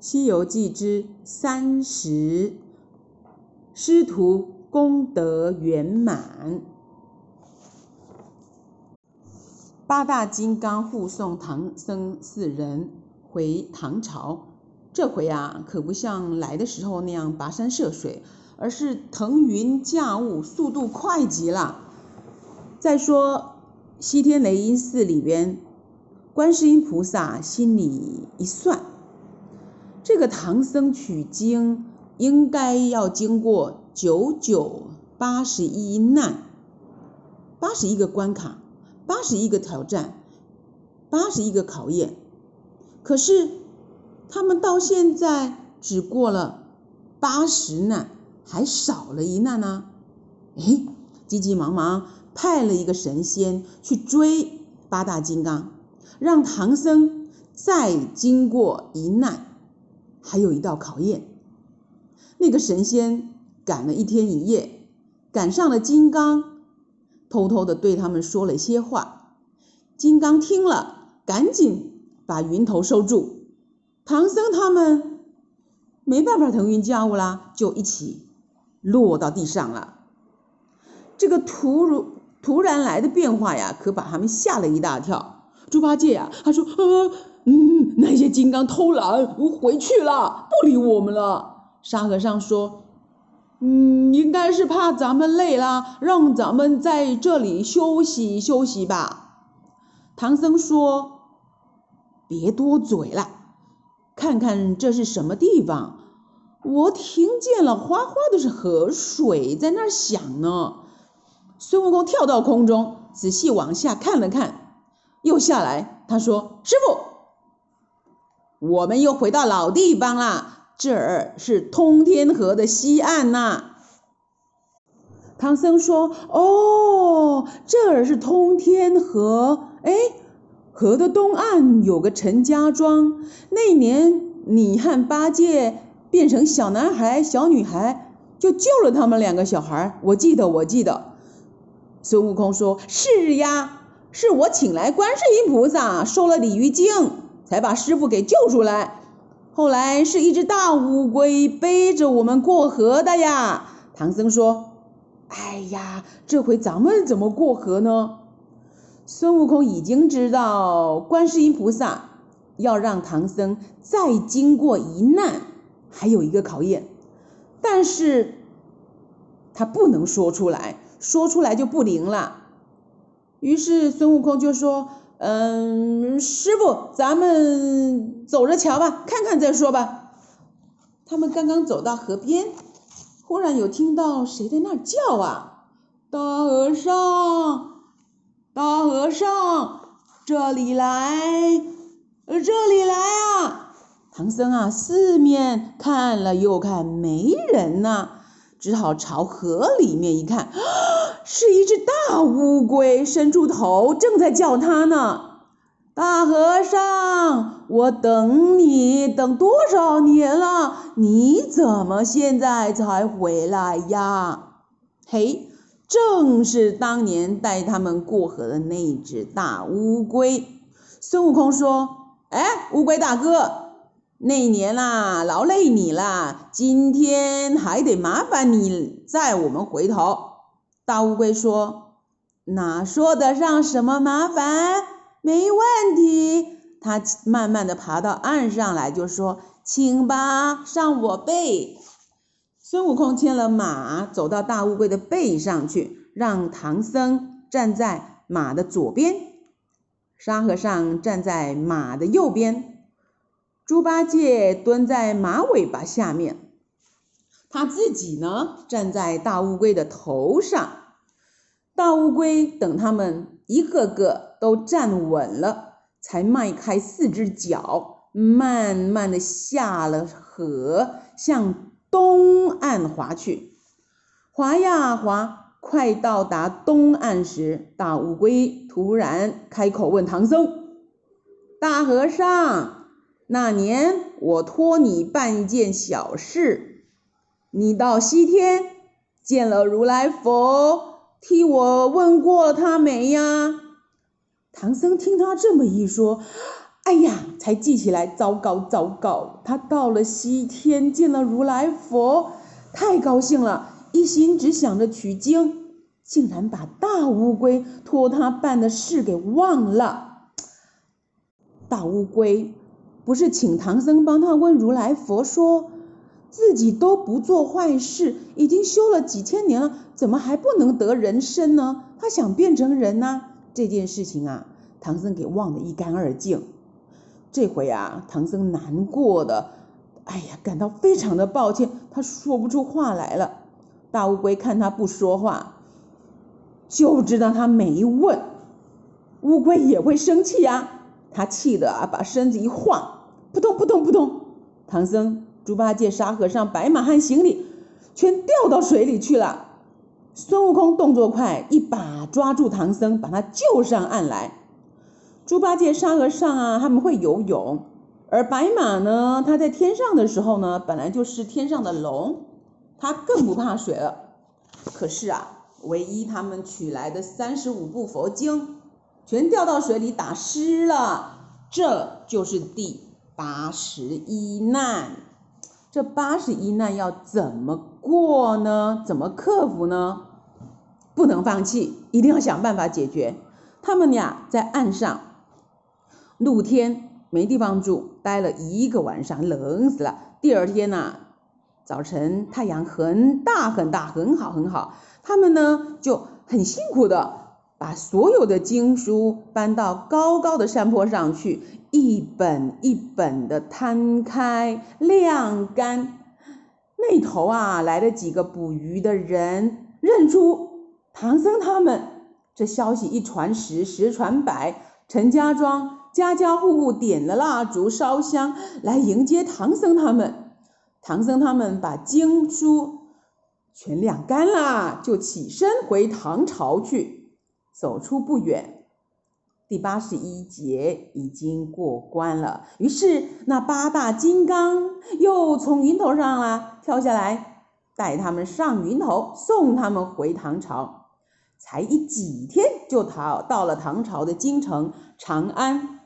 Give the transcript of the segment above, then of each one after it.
《西遊記》之三十，師徒功德圓滿，八大金剛護送唐僧四人回唐朝。這回啊，可不像來的時候那樣跋山涉水，而是騰雲駕霧，速度快極了。再說西天雷音寺裡邊，觀世音菩薩心裡一算。這個唐僧取經應該要經過九九八十一難，八十一個關卡，八十一個挑戰，八十一個考驗。可是他們到現在只過了八十難，還少了一難呢、啊。哎，急急忙忙派了一個神仙去追八大金剛，讓唐僧再經過一難。還有一道考驗，那個神仙趕了一天一夜，趕上了金剛，偷偷的對他們說了一些話。金剛聽了，趕緊把雲頭收住，唐僧他們沒辦法騰雲駕霧啦，就一起落到地上了。這個突如突然來的變化呀，可把他們嚇了一大跳。豬八戒呀、啊，他說，啊、嗯。那些金剛偷懶，回去了，不理我們了。沙和尚說：“嗯，應該是怕咱們累啦，讓咱們在這裡休息休息吧。”唐僧說：“別多嘴了，看看這是什麼地方？我聽見了嘩嘩的，是河水在那兒響呢。”孫悟空跳到空中，仔細往下看了看，又下來，他說：“師傅。”我們又回到老地方了，這兒是通天河的西岸吶。唐僧說：“哦，這兒是通天河，哎，河的東岸有個陳家莊。那年你和八戒變成小男孩、小女孩，就救了他們兩個小孩。我記得，我記得。”孫悟空說：“是呀，是我請來觀世音菩薩收了鯉魚精。”才把師傅給救出來。後來是一隻大烏龜背着我們過河的呀。唐僧說：“哎呀，這回咱們怎麼過河呢？”孫悟空已經知道，觀世音菩薩要讓唐僧再經過一難，還有一個考驗，但是他不能說出來，說出來就不靈了。於是孫悟空就說：嗯，師傅，咱們走着瞧吧，看看再說吧。他們剛剛走到河邊，忽然有聽到誰在那兒叫啊！大和尚，大和尚，這裡來，呃，這裡來啊！唐僧啊，四面看了又看，沒人吶、啊，只好朝河裡面一看。是一隻大烏龜伸出頭，正在叫他呢。大和尚，我等你等多少年了，你怎麼現在才回來呀？嘿，正是當年帶他們過河的那隻大烏龜。孫悟空說：“哎，烏龜大哥，那年啦，勞累你啦，今天還得麻煩你載我們回頭。”大烏龜說：“哪說得上什麼麻煩？沒問題。”它慢慢的爬到岸上來，就說：“請吧，上我背。”孫悟空牽了馬，走到大烏龜的背上去，讓唐僧站在馬的左邊，沙和尚站在馬的右邊，豬八戒蹲在馬尾巴下面，他自己呢，站在大烏龜的頭上。大烏龜等他們一個個都站穩了，才邁開四只腳，慢慢地下了河，向東岸划去。划呀划，快到達東岸時，大烏龜突然開口問唐僧：“大和尚，那年我托你辦一件小事，你到西天見了如來佛。”替我問過他沒呀？唐僧聽他這麼一說，哎呀，才記起來，糟糕糟糕！他到了西天見了如來佛，太高興了，一心只想着取經，竟然把大烏龜托他辦的事給忘了。大烏龜不是請唐僧幫他問如來佛說？自己都不做壞事，已經修了幾千年了，怎麼還不能得人身呢？他想變成人吶、啊，這件事情啊，唐僧給忘得一乾二淨。這回啊，唐僧難過的，哎呀，感到非常的抱歉，他說不出話來了。大烏龜看他不說話，就知道他沒問。烏龜也會生氣呀、啊，他氣得啊，把身子一晃，撲通撲通撲通，唐僧。豬八戒、沙和尚、白馬和行李全掉到水裡去了。孫悟空動作快，一把抓住唐僧，把他救上岸來。豬八戒、沙和尚啊，他們會游泳；而白馬呢，他在天上的時候呢，本來就是天上的龍，他更不怕水了。可是啊，唯一他們取來的三十五部佛經全掉到水裡打濕了，這就是第八十一難。這八十一難要怎麼過呢？怎麼克服呢？不能放棄，一定要想辦法解決。他們倆在岸上，露天沒地方住，待了一個晚上，冷死了。第二天吶，早晨太陽很大很大，很好很好。他們呢就很辛苦的。把所有的經書搬到高高的山坡上去，一本一本的攤開晾乾。那頭啊，來了幾個捕魚的人，認出唐僧他們。這消息一傳十，十傳百，陳家莊家家戶戶點了蠟燭燒香來迎接唐僧他們。唐僧他們把經書全晾乾了，就起身回唐朝去。走出不遠，第八十一節已經過關了。於是那八大金剛又從雲頭上啊跳下來，帶他們上雲頭，送他們回唐朝。才一幾天就逃到了唐朝的京城長安。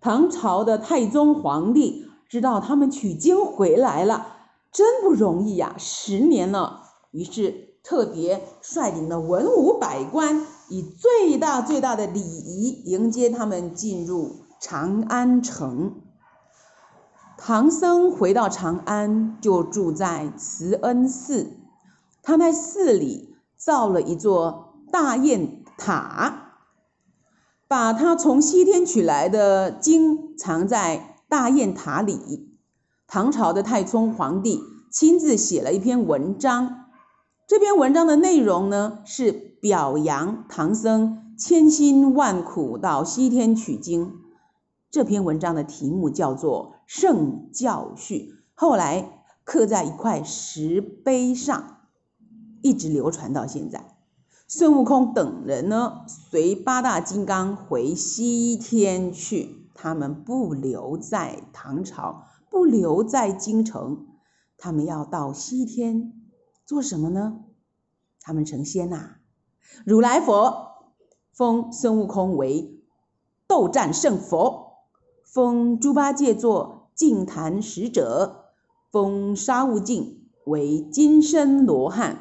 唐朝的太宗皇帝知道他們取經回來了，真不容易呀，啊，十年了。於是。特別率領了文武百官，以最大最大的禮儀迎接他們進入長安城。唐僧回到長安，就住在慈恩寺。他在寺裡造了一座大雁塔，把他從西天取來的經藏在大雁塔裡。唐朝的太宗皇帝親自寫了一篇文章。這篇文章的內容呢，是表揚唐僧千辛萬苦到西天取經。這篇文章的題目叫做《聖教序》，後來刻在一塊石碑上，一直流傳到現在。孫悟空等人呢，隨八大金剛回西天去，他們不留在唐朝，不留在京城，他們要到西天。做什麼呢？他們成仙吶、啊。如來佛封孫悟空為鬥戰勝佛，封豬八戒做淨壇使者，封沙悟淨為金身羅漢。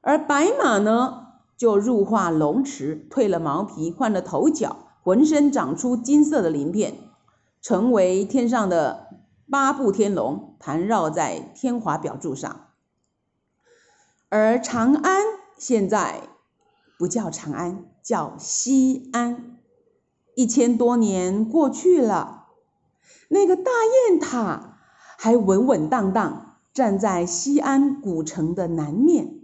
而白馬呢，就入化龍池，褪了毛皮，換了頭角，渾身長出金色的鱗片，成為天上的八部天龍，盤繞在天華表柱上。而長安現在不叫長安，叫西安。一千多年過去了，那個大雁塔還穩穩當當站在西安古城的南面。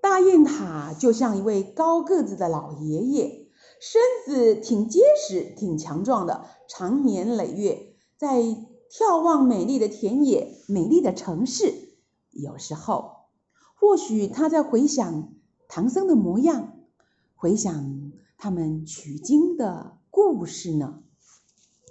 大雁塔就像一位高個子的老爺爺，身子挺結實、挺強壯的，常年累月在眺望美麗的田野、美麗的城市，有時候。或許他在回想唐僧的模樣，回想他們取經的故事呢。